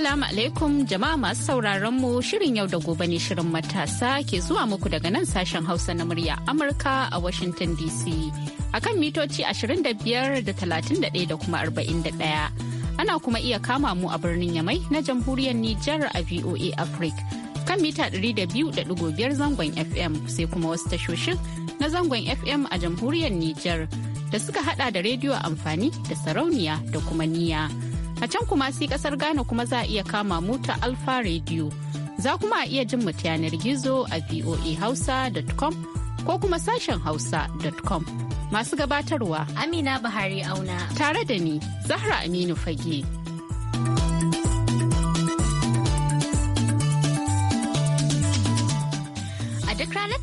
Assalamu alaikum jama'a masu sauraron mu shirin yau da gobe ne shirin matasa ke zuwa muku daga nan sashen Hausa na murya Amurka a Washington DC a kan mitoci 25 da 31 da kuma 41. Ana kuma iya kama mu a birnin Yamai na jamhuriyar Nijar a VOA Africa kan mita 200.5 zangon FM sai kuma wasu tashoshin na zangon FM a jamhuriyar Nijar da suka hada da rediyo amfani da sarauniya da kuma niya. A can kuma sai kasar Ghana kuma za a iya kama mu ta Alfa Radio. Za kuma a iya jin mu yanar gizo a voahausa.com ko kuma sashen hausa.com. Masu gabatarwa Amina Buhari Auna. Tare da ni, Zahra Aminu Fage.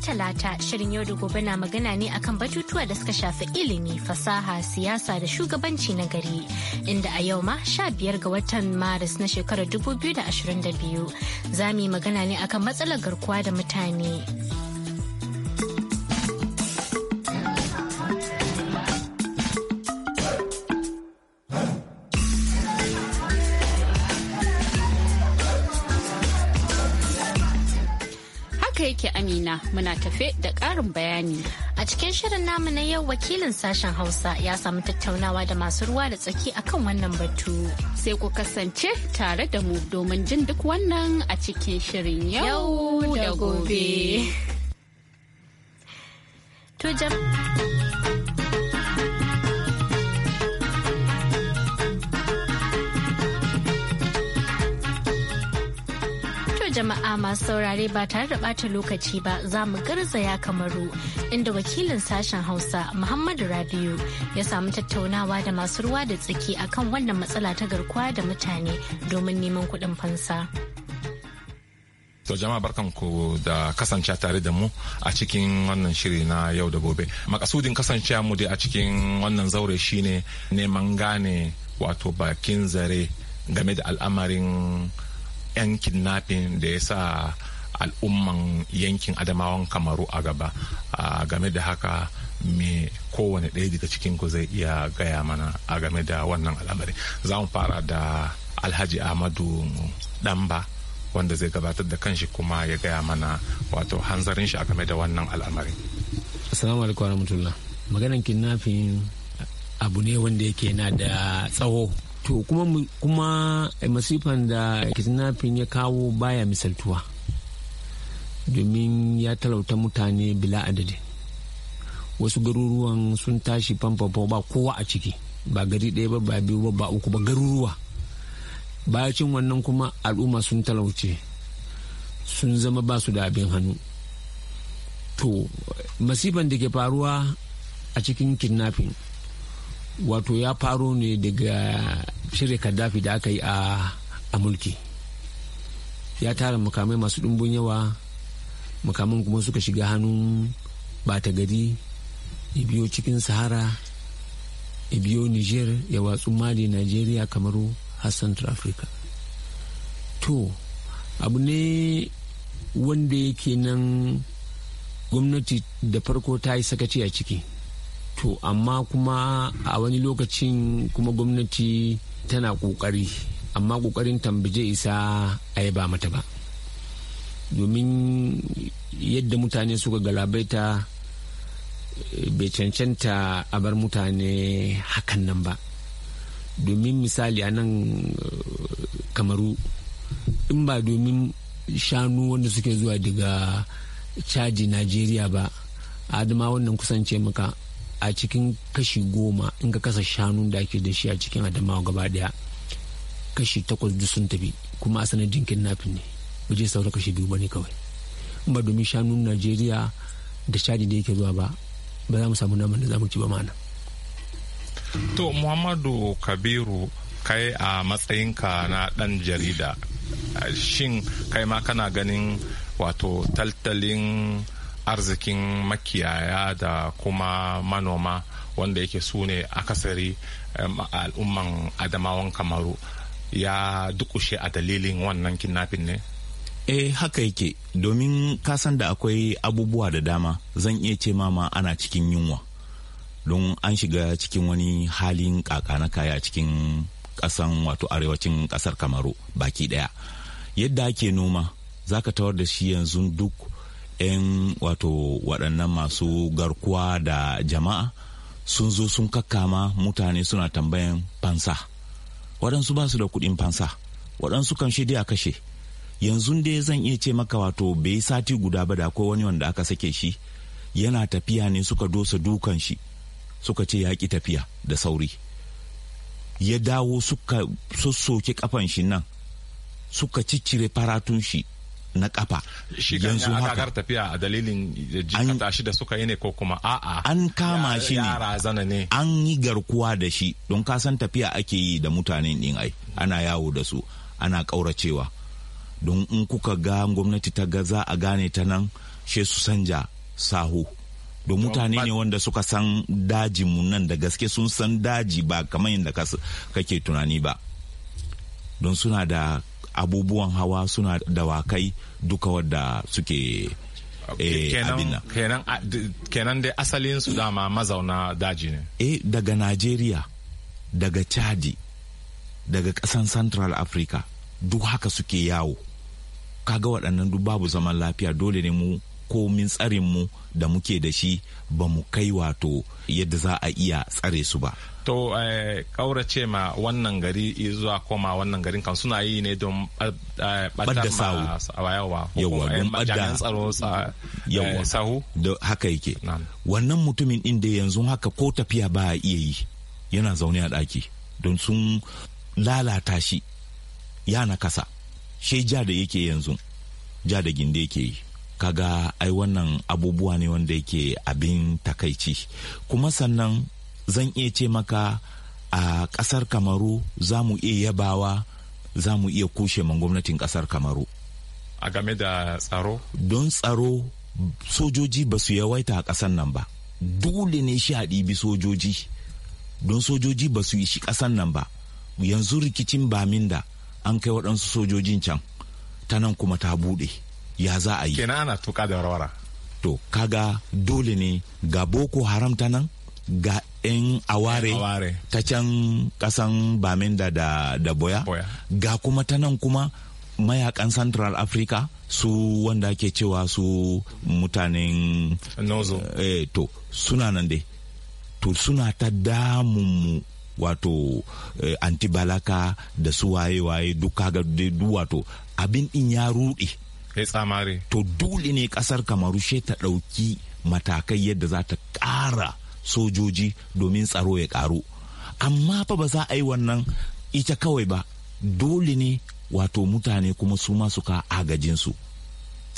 Talata shirin yau da gobe na magana ne akan batutuwa da suka shafi ilimi, fasaha, siyasa da shugabanci na gari. Inda a yau ma sha biyar ga watan Maris na shekarar 2022 za mu yi magana ne akan matsalar garkuwa da mutane. nake Amina muna tafe da ƙarin bayani. A cikin shirin namu na yau wakilin sashen Hausa ya samu tattaunawa da masu ruwa da tsaki akan wannan batu. Sai ku kasance tare da mu domin jin duk wannan a cikin shirin yau da gobe. jama'a masu saurare ba tare da bata lokaci ba za mu garzaya kamaru inda wakilin sashen hausa muhammadu rabiu ya samu tattaunawa da masu ruwa da tsaki akan wannan matsala ta garkuwa da mutane domin neman kuɗin fansa. To jama'a barkanku da kasance tare da mu a cikin wannan shiri na yau da gobe. Makasudin kasance mu dai a cikin wannan zaure shine neman gane wato bakin zare game da al'amarin 'yan kidnapping da ya sa al'umman yankin adamawan kamaru a gaba game da haka me kowane ɗaya daga cikinku zai iya gaya mana a game da wannan al'amari za mu fara da alhaji ahmadu ɗanba wanda zai gabatar da kanshi kuma ya gaya mana wato hanzarin shi a game da wannan al'amari assalamu alaikum maganan kidnapping abu ne wanda yake na da tsawo to kuma kuma eh, masifan da kidnapping ya kawo baya misaltuwa domin ya talauta mutane bila adadi wasu garuruwan sun tashi famfamfa ba kowa a ciki ba gari ɗaya ba ba biyu ba ba uku ba garuruwa bayacin wannan kuma al'umma sun talauce sun zama ba su da abin hannu to masifan da ke faruwa a cikin kidnapping wato ya faro ne daga shirya kaddafi da aka yi a mulki ya tara mukamai masu ɗumbin yawa Mukamai kuma suka shiga hannun bata gari ibiyo cikin sahara ibiyo niger ya watsu mali nigeria kamaru har central africa to abu ne wanda yake nan gwamnati da farko ta yi sakaci a ciki to amma kuma a wani lokacin kuma gwamnati tana kokari amma kokarin tambije isa a yi ba mata ba domin yadda mutane suka galabaita eh, bai cancanta a bar mutane hakan nan ba domin misali a nan eh, kamaru in ba domin shanu wanda suke zuwa daga caji najeriya ba adama wannan kusance maka a cikin kashi goma in ka kasa shanu da ake da shi a cikin adamawa gaba daya kashi takwas duk sun tafi kuma a sanadin kidnapping ne ba je saura kashi biyu bane kawai in ba domin shanun najeriya da shadi da yake zuwa ba ba za mu samu naman da za mu ci ba mana to muhammadu kabiru kai a matsayinka na dan jarida shin kai ma kana ganin wato taltalin arzikin makiyaya da kuma manoma wanda yake su ne akasari al'umman adamawan kamaru ya dukushe a dalilin wannan kidnapping ne eh haka yake domin kasan da akwai abubuwa da dama zan iya ce ma ana cikin yunwa don an shiga cikin wani halin kaka na kaya cikin kasan wato arewacin kasar kamaru baki daya yadda ake noma zaka tawar da shi yanzu duk 'yan wato waɗannan masu garkuwa da jama'a sun zo sun kakkama mutane suna tambayan fansa waɗansu ba su da kuɗin fansa waɗansu kan shi a kashe yanzu dai zan iya ce maka wato bai sati guda ba da akwai wani wanda aka sake shi yana tafiya ne suka dosa dukan shi suka ce ya ki tafiya da sauri ya dawo suka sossoke kafan shi nan suka ciccire faratun shi na kafa yanzu haka tafiya a dalilin jikata shi da suka yi ne ko kuma a'a an kama shi ne an yi garkuwa da shi don kasan tafiya ake yi da mutanen din ai ana yawo da su ana kauracewa don in kuka ga gwamnati ta ga za a gane ta nan she su sanja sahu don mutane ne wanda suka san daji mu nan da gaske sun san daji ba kamar yadda kake tunani ba don suna da abubuwan hawa suna dawakai duka wadda suke eh, kenan kenan asalin su dama mazauna daji ne eh daga Nigeria daga Chadi daga ƙasan Central Africa duk haka suke yawo kaga waɗannan duk babu zaman lafiya dole ne mu komin tsarin mu da muke da shi ba mu kai wato yadda za a iya tsare su ba to eh, kaurace ma wannan gari zuwa koma wannan garin kan suna yi ne don eh, ɓadda sahu Yawwa eh, don ɓadda yawa sahu da haka yake wannan mutumin inda yanzu haka ko tafiya ba a iya yi yana zaune a ɗaki don sun lalata shi ya nakasa shi ja da yake yanzu ja da ginde yake yi kaga ai wannan abubuwa ne wanda yake abin takaici kuma sannan zan iya ce maka a ƙasar kamaru za mu iya yabawa za mu iya kushe man gwamnatin ƙasar kamaru a game da tsaro don tsaro sojoji ba su yawaita a ƙasar nan ba dole ne shi bi sojoji don sojoji ba su shi ƙasar nan ba yanzu rikicin baminda an kai waɗansu sojojin can ta nan kuma ta buɗe ya za a yi kenan ana tuka da warwara to kaga dole ne ga boko haramta nan ga 'yan aware ta can kasan baminda da, da boya. boya ga kuma ta nan kuma mayakan central africa su wanda ke cewa su mutanen nozo eh, to suna nan dai to suna ta damunmu wato eh, antibalaka da su waye-waye duk kaga wato abin din ya rudi tsamari. to dole ne kasar kamaru she ta ɗauki matakai yadda za ta ƙara sojoji domin tsaro ya ƙaru amma fa ba za a yi wannan ita kawai ba dole ne wato mutane kuma su ma su ka agajinsu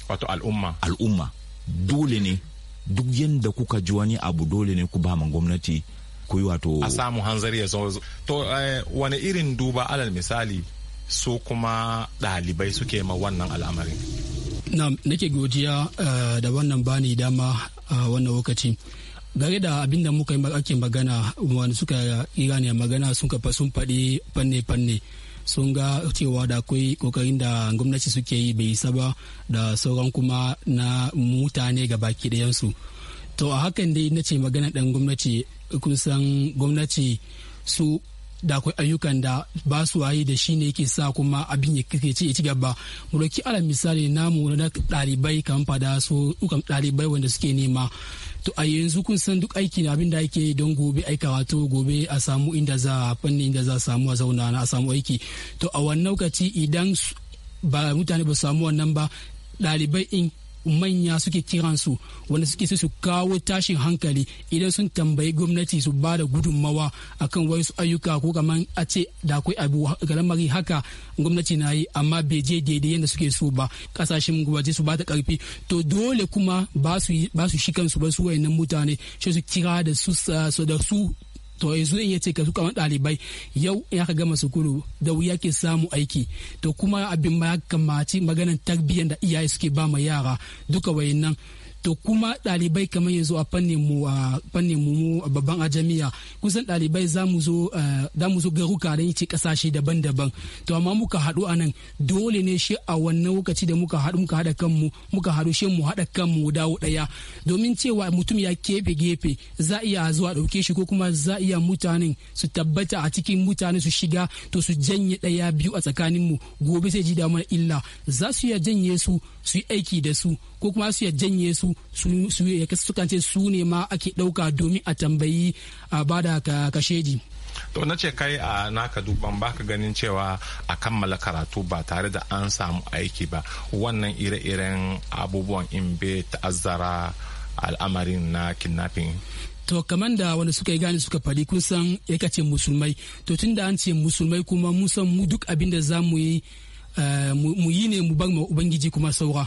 wato al'umma al'umma dole ne duk yadda kuka ji wani abu dole ne ku ba man gwamnati ku yi wato a samu hanzari ya zo to eh, wani irin duba alal misali su kuma ɗalibai suke ma wannan al'amarin na nake godiya eh, da wannan bani dama a wannan lokaci gare da abin da muka ake magana wani suka a magana sun kafa sun faɗi fanne-fanne sun ga cewa da akwai kokarin da gwamnati suke yi bai isa ba da sauran kuma na mutane ga baki ɗayansu to a hakan dai na ce magana ɗan gwamnati kun san gwamnati su da akwai ayyukan da ba su waye da shi ne yake sa kuma abin ya kake ci ci gaba mu dauki alal misali namu na ɗalibai kamar fada so dukan ɗalibai wanda suke nema to a yanzu kun san duk aiki na abin da ake don gobe aika wato gobe a samu inda za a fannin inda za a samu a zauna na a samu aiki to a wannan lokaci idan ba mutane ba su samu wannan ba dalibai. in manya suke kiransu wanda suke su kawo tashin hankali idan sun tambayi gwamnati su ba da gudunmawa akan wasu ayyuka ko kamar a ce da akwai abu galamari haka gwamnati na yi amma bai je daidai yadda suke so ba kasashen waje su ba ta karfi to dole kuma ba su shi kansu ba su wayannan mutane sai su kira da su to yanzu in ce ka kamar ɗalibai yau ya ka gama sukuru da wuya ke samu aiki to kuma abin ma ya kamaci maganan tarbiyyar da iyaye suke ba ma yara duka wayannan to kuma dalibai kamar yanzu a fannin mu a jamia babban ajamiya kusan dalibai eh, za mu zo garuka kasashe daban-daban to amma muka haɗu a nan dole ne shi a wannan lokaci da muka haɗu muka haɗa kanmu muka haɗu shi mu haɗa kanmu dawo ɗaya domin cewa mutum ya kefe gefe za iya zuwa ɗauke shi ko kuma za iya mutanen su tabbata a cikin mutane su shiga to su janye ɗaya biyu a tsakaninmu gobe sai ji damar illa za su iya janye su su yi aiki da su ko kuma su ya janye su su ya sukan ce su ne ma ake ɗauka domin a tambayi a bada kasheji. to na ce kai a naka duban baka ganin cewa a kammala karatu ba tare da an samu aiki ba wannan ire-iren abubuwan in bai ta'azzara al'amarin na kidnapping to kamar da wani suka yi gane suka fadi kun san ya ce musulmai to tun da an ce musulmai kuma mun san mu duk abin da za mu yi eh, mu yi ne mu bar ma ubangiji kuma saura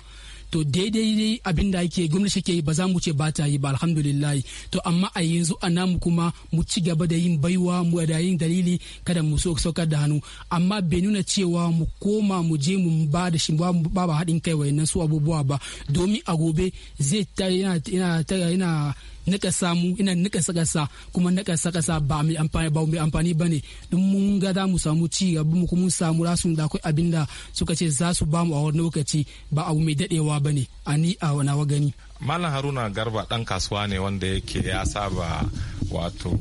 to daidai abin da ake gwamnati ke ba za mu ce ba ta yi ba alhamdulillah to amma a yanzu a namu kuma mu ci gaba da yin baiwa mu da yin dalili kada mu so saukar da hannu amma bai nuna cewa mu koma mu je mu ba da shi ba ba haɗin kai wa su abubuwa ba domin a gobe zai ta yana yana nika samu ina nika sakasa kuma nika sakasa ba mai amfani ba mai amfani bane don mun ga za mu samu ci gaba mu kuma samu rasun da akwai abin suka ce za su ba mu a wani lokaci ba abu mai dadewa ba ne a ni a nawa gani malam haruna garba dan kasuwa ne wanda yake ya saba wato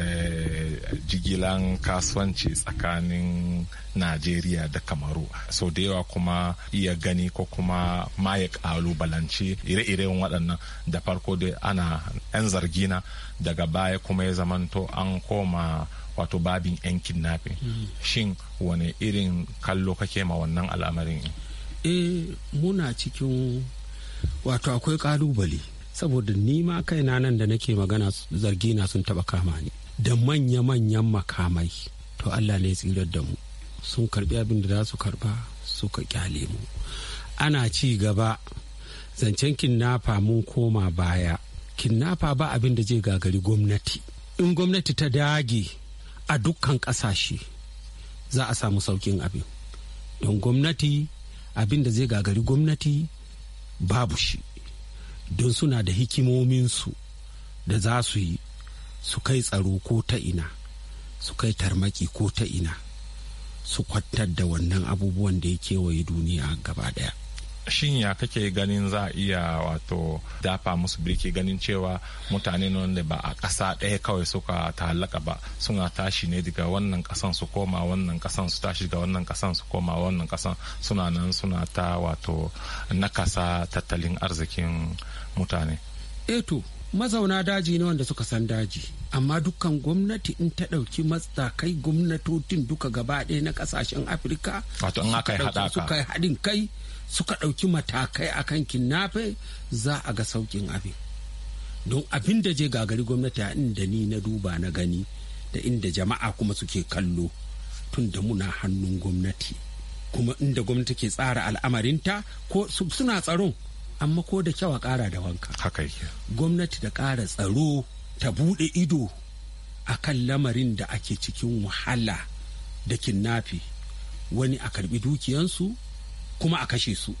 eh, jigilan kasuwanci tsakanin najeriya da kamaru so da yawa kuma iya gani ko kuma ma ya kalubalanci ire-iren waɗannan da farko dai ana 'yan zargina daga baya kuma ya zamanto an koma wato babin 'yan kidnapping hmm. shin wane irin kallo kake ma wannan al'amarin eh muna cikin wato akwai kalubale saboda ni ma kaina nan da nake magana zargi na sun taba kama ni da manya-manyan makamai to Allah ne tsirar da mu sun karbi abin da za su karba suka kyale mu ana ci gaba zancen kinnafa mun koma baya kinnafa ba abin da zai gagari gwamnati in gwamnati ta dage a dukkan kasashe za a samu saukin abin don gwamnati abin da zai gagari gwamnati babu shi don suna da hikimominsu da za su yi su kai tsaro ko ta ina su kai tarmaki ko ta ina su kwantar da wannan abubuwan da ya kewaye duniya gaba daya. shin ya kake ganin za a iya wato dafa musu birki ganin cewa mutane wanda ba a ƙasa ɗaya kawai suka ta'allaka ba suna tashi ne daga wannan ƙasan su koma wannan ƙasan su tashi daga wannan ƙasan su koma wannan ƙasan suna nan suna ta wato nakasa tattalin arzikin mutane. Eto eh mazauna daji ne wanda suka san daji amma dukkan gwamnati in ta ɗauki matsakai gwamnatotin duka gaba ɗaya na ƙasashen afirka suka yi haɗin kai suka ɗauki matakai a kan kinnafe za a ga saukin abin don abin da je gagari gwamnati a inda ni na duba na gani da inda jama'a kuma suke kallo tun da muna hannun gwamnati kuma inda gwamnati ke tsara al'amarinta ko suna tsaron amma ko da kyau a ƙara da wanka gwamnati da ƙara tsaro ta bude ido a kan lamarin da ake cikin wahala da kinnafi wani a karbi dukiyansu kuma a kashe su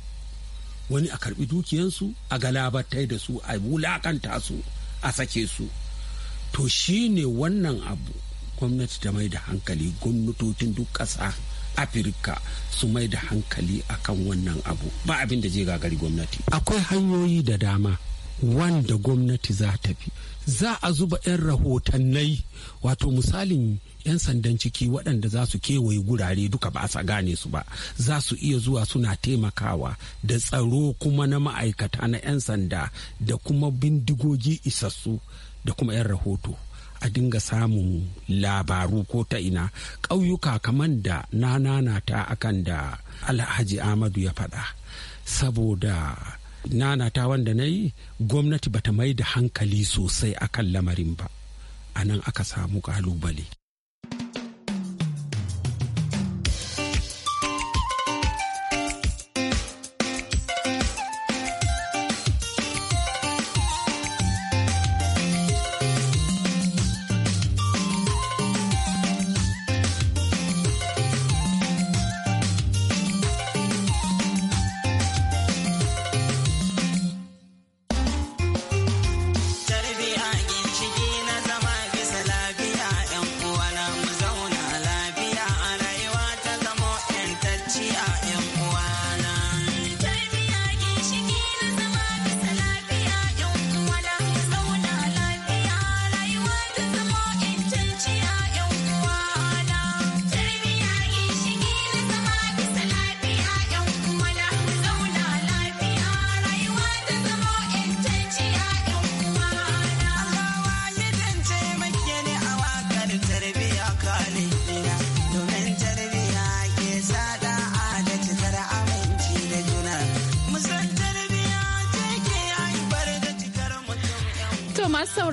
wani a karbi dukiyansu a galabatai da su a wulakanta su a sake su to shine wannan abu gwamnati ta mai da hankali gwamnatocin duk ƙasa afirka su mai da hankali akan wannan abu ba abin da zai gagari gwamnati akwai hanyoyi da dama wanda gwamnati za ta fi za a zuba 'yan rahotannai wato misalin 'yan sandan ciki waɗanda za su kewaye gurare duka ba a gane su ba za su iya zuwa suna taimakawa da tsaro kuma na ma'aikata na 'yan sanda da kuma bindigogi isassu da kuma 'yan rahoto a dinga samun labaru ko ta ina ƙauyuka kamar da na nanata akan da alhaji amadu ya faɗa saboda nanata wanda na yi gwamnati bata mai da hankali sosai akan lamarin ba a nan aka samu ƙalubale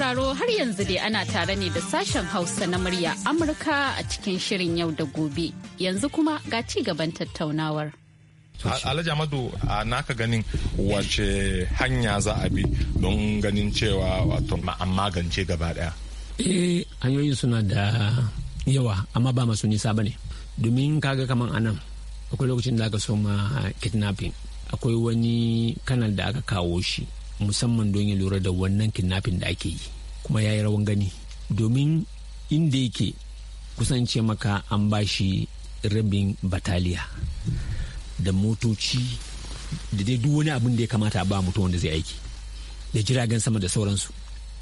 sauraro har yanzu dai ana tare ne da sashen Hausa na murya Amurka a cikin shirin yau da gobe. Yanzu kuma ga ci gaban tattaunawar. Alhaji Amadu a naka ganin wace hanya za a bi don ganin cewa wato an magance gaba daya. Eh hanyoyin suna da yawa amma ba masu nisa ne domin kaga kaman anan akwai lokacin da aka ma kidnapping akwai wani kanal da aka kawo shi musamman don ya lura da wannan kidnapping da ake yi kuma ya yi rawan gani domin inda yake kusance maka an bashi rabin bataliya da motoci da dai duk wani abin da ya kamata a ba mutum wanda zai aiki da jiragen sama da sauransu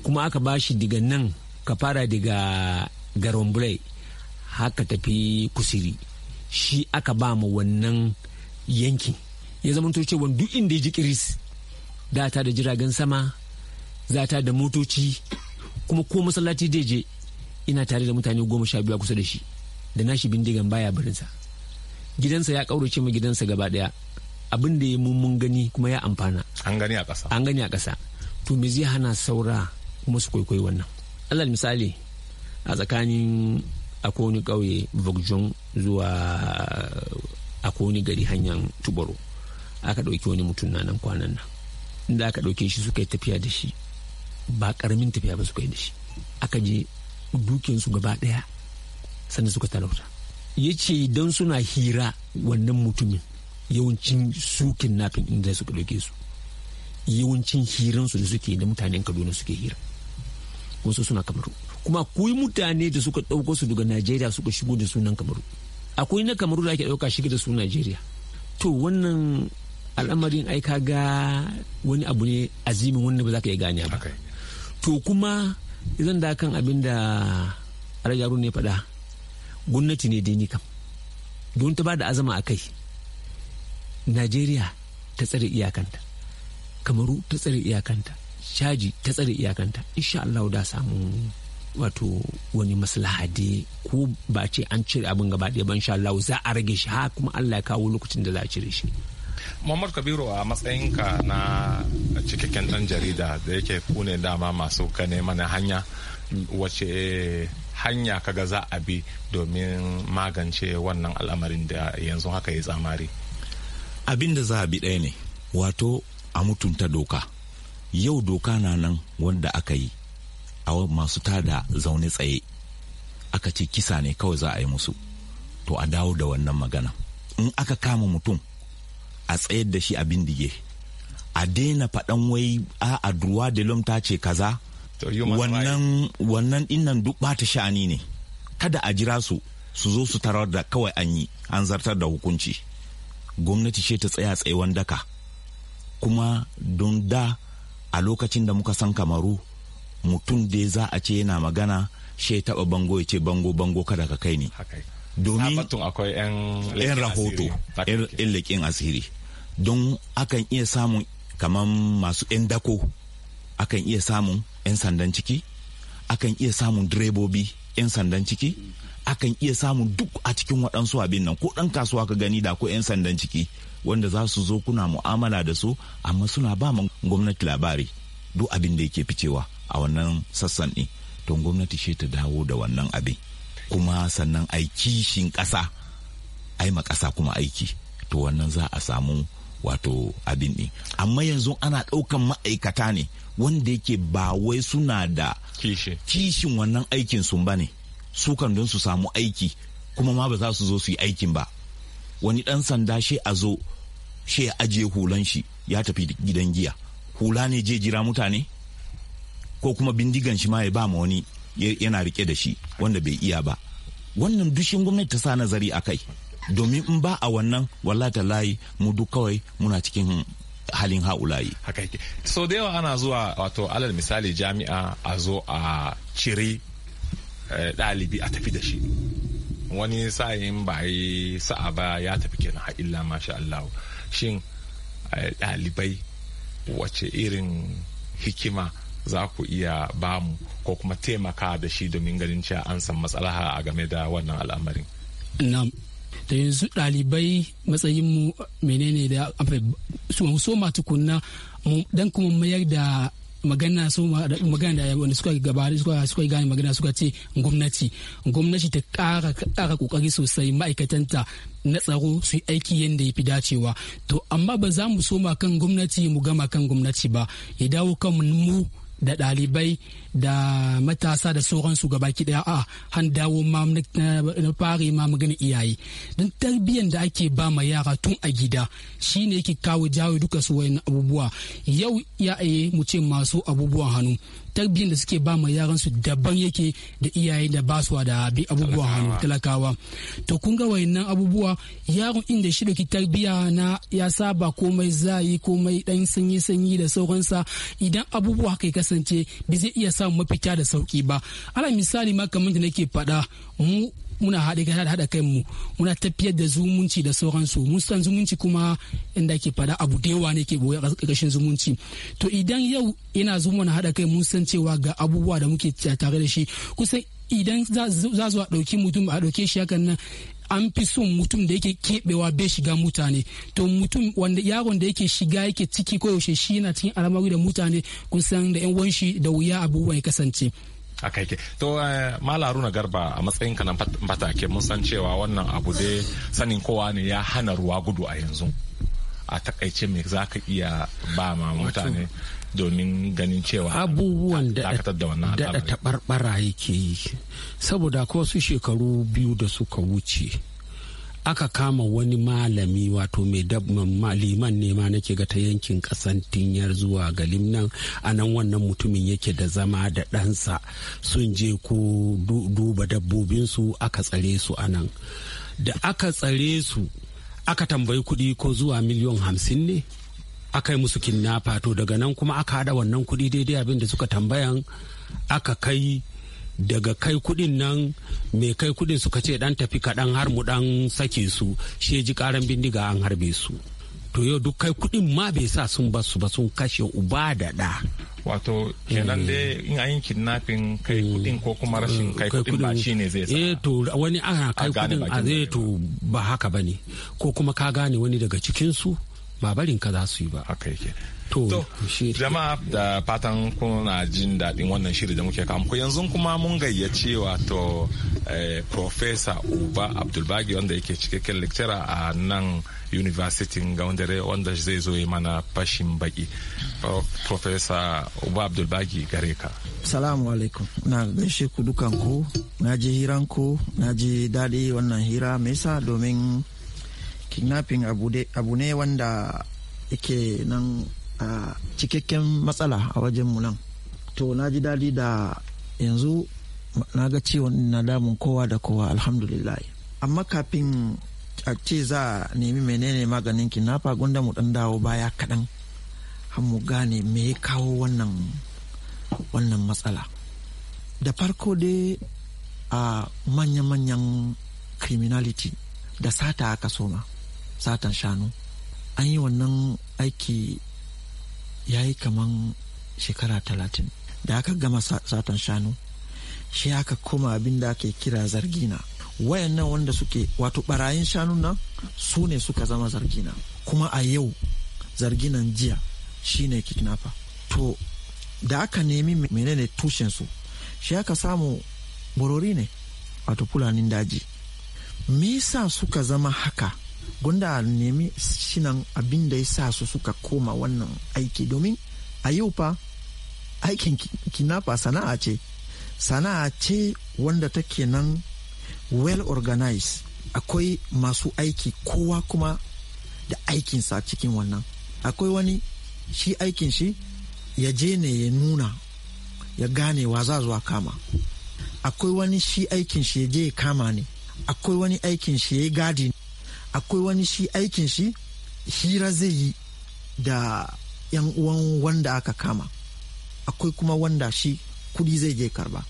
kuma aka bashi daga nan ka fara daga garombulai haka tafi kusiri shi aka ba mu wannan yankin ya zama cewa duk inda ya ji kiris da da jiragen sama zata da motoci kuma ko masallaci zai je ina tare da mutane goma sha biyu kusa da shi da nashi bindigan baya barinsa gidansa ya kaurace ma gidansa gaba daya abin da ya mun gani kuma ya amfana an gani a ƙasa an gani a ƙasa to me zai hana saura kuma su kwaikwayi wannan alal misali a tsakanin akoni ƙauye vogjon zuwa akoni gari hanyar tubaro aka ɗauki wani mutum na nan kwanan nan da aka ɗauke shi suka yi tafiya da shi ba ƙaramin tafiya ba suka yi da shi aka je dukinsu gaba ɗaya sannan suka talauta ya ce don suna hira wannan mutumin yawancin su kidnapping inda suka ɗauke su yawancin hiransu da suke da mutanen kaduna suke hira wasu suna kamaru kuma kuyi mutane da suka ɗauko su daga najeriya suka shigo da sunan kamaru akwai na kamaru da ake ɗauka shiga da su najeriya to wannan al'amarin ai ka ga wani abu ne azimin wanda ba za ka iya gane ba to kuma zan da kan abin da rajaru ne faɗa gwamnati ne dai kam don ta ba da azama a kai najeriya ta tsare iyakanta kamaru ta tsare iyakanta shaji ta tsare iyakanta insha Allah da samu wato wani maslaha ko ba ce an cire abin gaba ɗaya ba insha Allah za a rage shi ha kuma Allah ya kawo lokacin da za a cire shi muhammad kabiru a matsayinka na cikakken dan jarida da yake kune dama masu ka mana hanya wace hanya kaga za a bi domin magance wannan al'amarin da yanzu haka ya tsamari abin da za a bi ɗaya ne wato a mutunta doka yau doka na nan wanda aka yi a masu tada zaune tsaye aka ce kisa ne kawai za a yi musu to a dawo da wannan magana in aka kama mutum a tsayar da shi a bindige a daina faɗan wai a adruwa da ta ce kaza wannan wannan dinnan duk bata sha'ani ne kada a jira su su zo su tarar da kawai an yi an zartar da hukunci gwamnati ce ta tsaya tsayawan daka kuma don da a lokacin da muka san kamaru mutum da za a ce yana magana shi ya taɓa bango ya ce bango bango kada ka kai ne domin ah, akwai 'yan rahoto 'yan leƙin asiri don akan iya samun kamar masu 'yan dako akan iya samun 'yan sandan ciki akan iya samun direbobi 'yan sandan ciki akan iya samun duk a cikin waɗansu abin nan ko ɗan kasuwa ka gani da ko 'yan sandan ciki wanda za su zo kuna mu'amala da su amma suna ba ma gwamnati labari duk abin da yake ficewa a wannan sassan ɗin don gwamnati shi ta dawo da wannan abin kuma sannan a kishin ƙasa ai ma ƙasa kuma aiki to wannan za a samu wato abin ne. amma yanzu ana ɗaukan ma'aikata ne wanda yake ba wai suna da kishin wannan aikin sun ba ne su kan don su samu aiki kuma ma ba za su zo su yi aikin ba wani ɗan sanda shi a zo shi ya ajiye hulan shi ya tafi gidan giya hula ne je jira mutane ko kuma bindigan shi ma ya ba ma wani yana rike da shi wanda bai iya ba wannan dushin gwamnati ta sa nazari a kai domin in ba a wannan wallata layi mu duk kawai muna cikin halin haulayi. Hakaike. So da yawa ana zuwa wato alal misali jami'a a zo a cire eh, ɗalibi a tafi da shi. Wani sa'in ba yi sa'a ba ya tafi kenan ha illa masha Shin eh, ɗalibai wace irin hikima za ku iya bamu ko kuma taimaka da shi domin ganin cewa an san matsalaha a game da wannan al'amarin. Na'am. Da yanzu ɗalibai matsayinmu menene da su soma tukunna dan kuma mayar da magana su magana da wanda suka gabari suka suka gane magana suka ce gwamnati gwamnati ta kara ƙoƙari kokari sosai ma'aikatanta na tsaro su aiki yadda ya fi dacewa to amma ba za mu soma kan gwamnati mu gama kan gwamnati ba ya dawo kan mu da ɗalibai da matasa da sauransu ga baki daya a han dawo ma na fare ma magana iyaye don tarbiyyar da ake ba ma yara tun a gida shine yake kawo jawo duka su wani abubuwa yau yaye mu ce masu abubuwan hannu tarbiyyar da suke ba ma yaran su daban yake da iyaye da ba su da bi abubuwa hannu talakawa to kun ga wayannan abubuwa yaron inda shi doki tarbiyya na ya saba komai zayi komai dan sanyi sanyi da sauransa idan abubuwa haka kasance ba zai iya samun mafita da sauki ba ala misali ma kamar da nake faɗa mu muna haɗe haɗa kai mu muna tafiyar da zumunci da sauransu mun san zumunci kuma inda ke fada abu da yawa ne ke boye ƙarƙashin zumunci to idan yau ina zuwa na haɗa kai mun san cewa ga abubuwa da muke tare da shi kusan idan za zuwa ɗauki mutum a ɗauke shi hakan nan an fi son mutum da yake keɓewa bai shiga mutane to mutum wanda yaron da yake shiga yake ciki koyaushe shi yana cikin alamari da mutane kun san da yan wanshi da wuya abubuwa ya kasance kai ke to eh, mala haruna garba a matsayin ka na fatake mun san cewa wannan abu dai sanin kowa ne ya hana ruwa gudu a yanzu a takaice me za ka iya ba ma mutane domin ganin cewa abubuwan da da taɓarɓara yake yi saboda ko su shekaru biyu da suka wuce aka kama wani malami wato mai liman ne ma nake ga ta yankin kasan tinyar zuwa galim nan a nan wannan mutumin yake da zama da ɗansa sun je ko duba dabbobinsu aka tsare su a nan da aka tsare su aka tambayi kuɗi ko zuwa miliyon hamsin ne aka yi musu kinnafa to daga nan kuma aka haɗa wannan kuɗi daidai abin da suka tambayan aka kai daga kai kudin nan mai kai kudin suka ce dan tafi kaɗan har mu dan sake su shi ji karan bindiga an harbe su to yau duk kai kudin ma bai sa sun ba su ba sun kashe uba da da wato kenan eh. dai in an yi kidnapping kai eh. kudin ko kuma rashin eh, kai kudin ba shi ne zai sa eh to wani ana kai kudin a zai to ba haka bane ko kuma ka gane wani daga cikin su ba barin ka za su yi ba to jama'a da fatan kuna jin daɗin wannan shiri da muke ku yanzu kuma mun gayyace wato eh, Profesa uba abdulbagi wanda yake cikakken lecturer a nan university gaundare wanda zai zo yi mana fashin baki oh, Profesa uba abdulbagi gare ka salamu alaikum na gaishe ku dukan na ji hiran na ji daɗi wannan hira me yasa domin kidnapping abu ne wanda yake nan a cikakken matsala a wajen mu nan to na ji daɗi da yanzu na ga ciwon na damun kowa da kowa alhamdulillah amma kafin a ce za a nemi menene maganin kidnapper gunda mu dan dawo baya kaɗan har mu gane me ya kawo wannan wannan matsala da farko dai a manya-manyan criminality da sata aka soma satan shanu an yi wannan aiki ya yi kaman shekara talatin da aka gama satan shanu shi aka koma abin da ake kira zargina wayannan wanda suke wato barayin shanun nan su ne suka zama zargina kuma a yau zarginan jiya shine kidnapper to da aka nemi menene tushensu shi aka samu borori ne wato fulanin daji me yasa suka zama haka gunda nemi shinan abin da ya sa su suka koma wannan aiki domin a yau fa aikin kinafa sana'a ce sana'a ce wanda take nan well organized akwai masu aiki kowa kuma da aikinsa cikin wannan akwai wani shi aikin shi ya je ne ya nuna ya gane wa za zuwa kama akwai wani shi aikin shi ya je ya kama ne akwai wani aikin shi ya yi gadi akwai wani shi aikin shi hira zai yi da 'yan uwan wanda aka kama akwai kuma wanda shi kudi zai je karba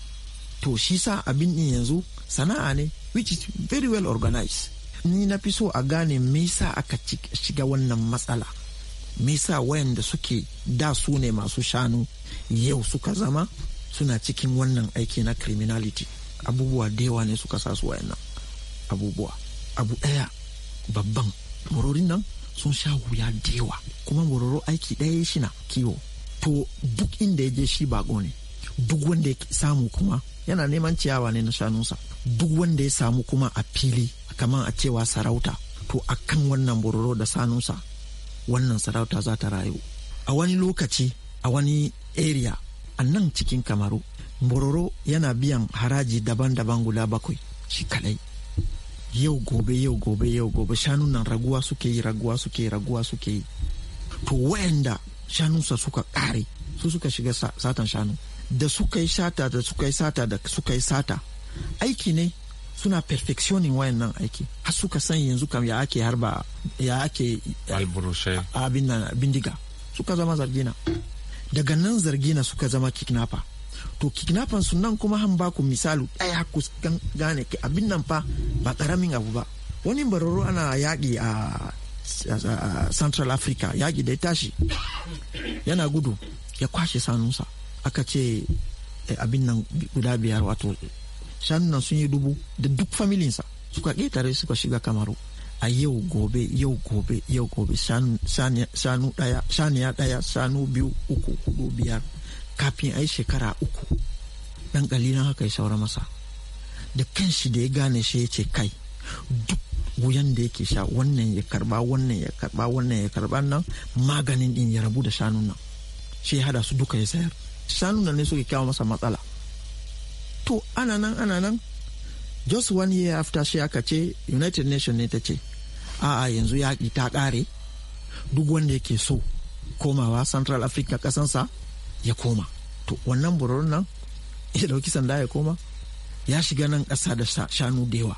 to shi sa abin din yanzu sana'a ne which is very well organized ni na fi so a gane me sa aka shiga wannan matsala me sa wayanda suke da su ne masu shanu yau suka zama suna cikin wannan aiki na criminality abubuwa da yawa ne suka sa su wayannan abubuwa abu ɗaya babban mororin nan sun sha wuya da yawa kuma mororo aiki ɗaya shi na kiwo to duk inda ya je shi bako ne duk wanda ya samu kuma yana neman ciyawa ne na shanunsa duk wanda ya samu kuma a fili kamar a cewa sarauta to a kan wannan bororo da sanunsa wannan sarauta za ta rayu a wani lokaci a wani area a nan cikin kamaru bororo yana biyan haraji daban-daban guda bakwai shi kadai yau gobe yau gobe yau gobe shanun nan raguwa suke yi raguwa suke yi raguwa suke yi to wayanda sa suka kare su suka shiga satan shanu da suka yi sata da suka yi sata da suka yi sata aiki ne suna perfectioning wayannan aiki har suka san yanzu kam ya ake harba ya ake abin bindiga suka zama zargina daga nan zargina suka zama kidnapper to kidnapping su nan kuma han ba ku misalu ɗaya ku gane ki abin nan fa ba karamin abu ba wani baroro ana yaƙi a central africa yaƙi da ya tashi yana gudu ya kwashe sanunsa aka ce eh, abin nan guda biyar wato shanun nan sun yi dubu da duk familinsa suka ƙetare suka shiga kamaru a yau gobe yau gobe yau gobe shanu ɗaya shanu biyu uku hudu biyar kafin a shekara uku ɗan ƙalilan haka ya saura masa da kanshi da ya gane shi ya ce kai duk wuyan da yake sha wannan ya karba wannan ya karba wannan ya karba nan maganin din ya rabu da shanu nan shi ya hada su duka ya sayar shanun nan ne suke kawo masa matsala to ana nan ana nan just one year after shi aka ce united nation ne ta ce a'a yanzu yaƙi ta ƙare duk wanda yake so komawa central africa ƙasansa ya koma to wannan burorin nan ya dauki sanda ya koma ya shiga nan ƙasa da shanu da yawa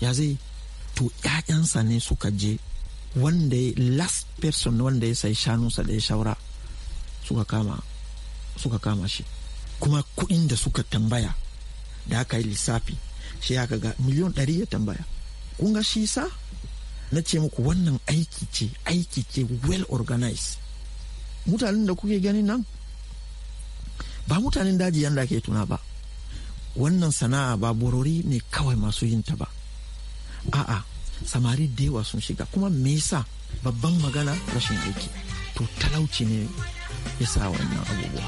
ya zai to ƴaƴansa ne suka je wanda ya last person wanda ya sai shanunsa da ya shaura suka kama suka kama shi kuma kuɗin da suka tambaya da aka yi lissafi shi aka ga miliyon ɗari ya tambaya kun ga shi sa na ce muku wannan aiki ce aiki ce well organized mutanen da kuke ganin nan ba mutanen daji yanda ake tuna ba wannan sana'a ba borori ne kawai masu yin ta ba a'a samari da yawa sun shiga kuma me yasa babban magana rashin aiki to talauci ne ya sa wannan abubuwa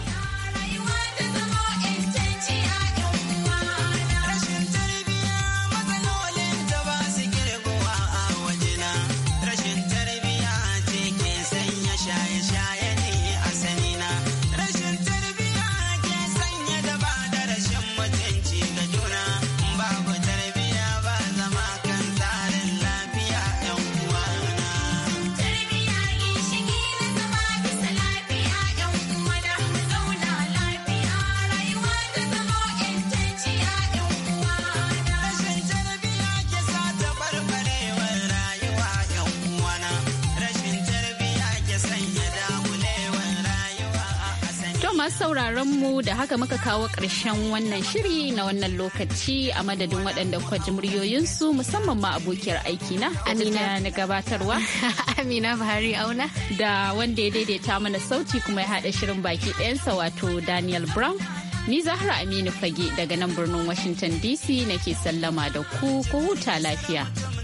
sauraron mu da haka muka kawo ƙarshen wannan shiri na wannan lokaci a madadin waɗanda kwa ji muryoyinsu musamman ma abokiyar aiki na Amina na gabatarwa. Amina Buhari Auna. Da wanda ya daidaita mana sauti kuma ya haɗa shirin baki ɗayansa wato Daniel Brown. Ni Zahra Aminu Fage daga nan birnin Washington DC nake sallama da ku ko huta lafiya.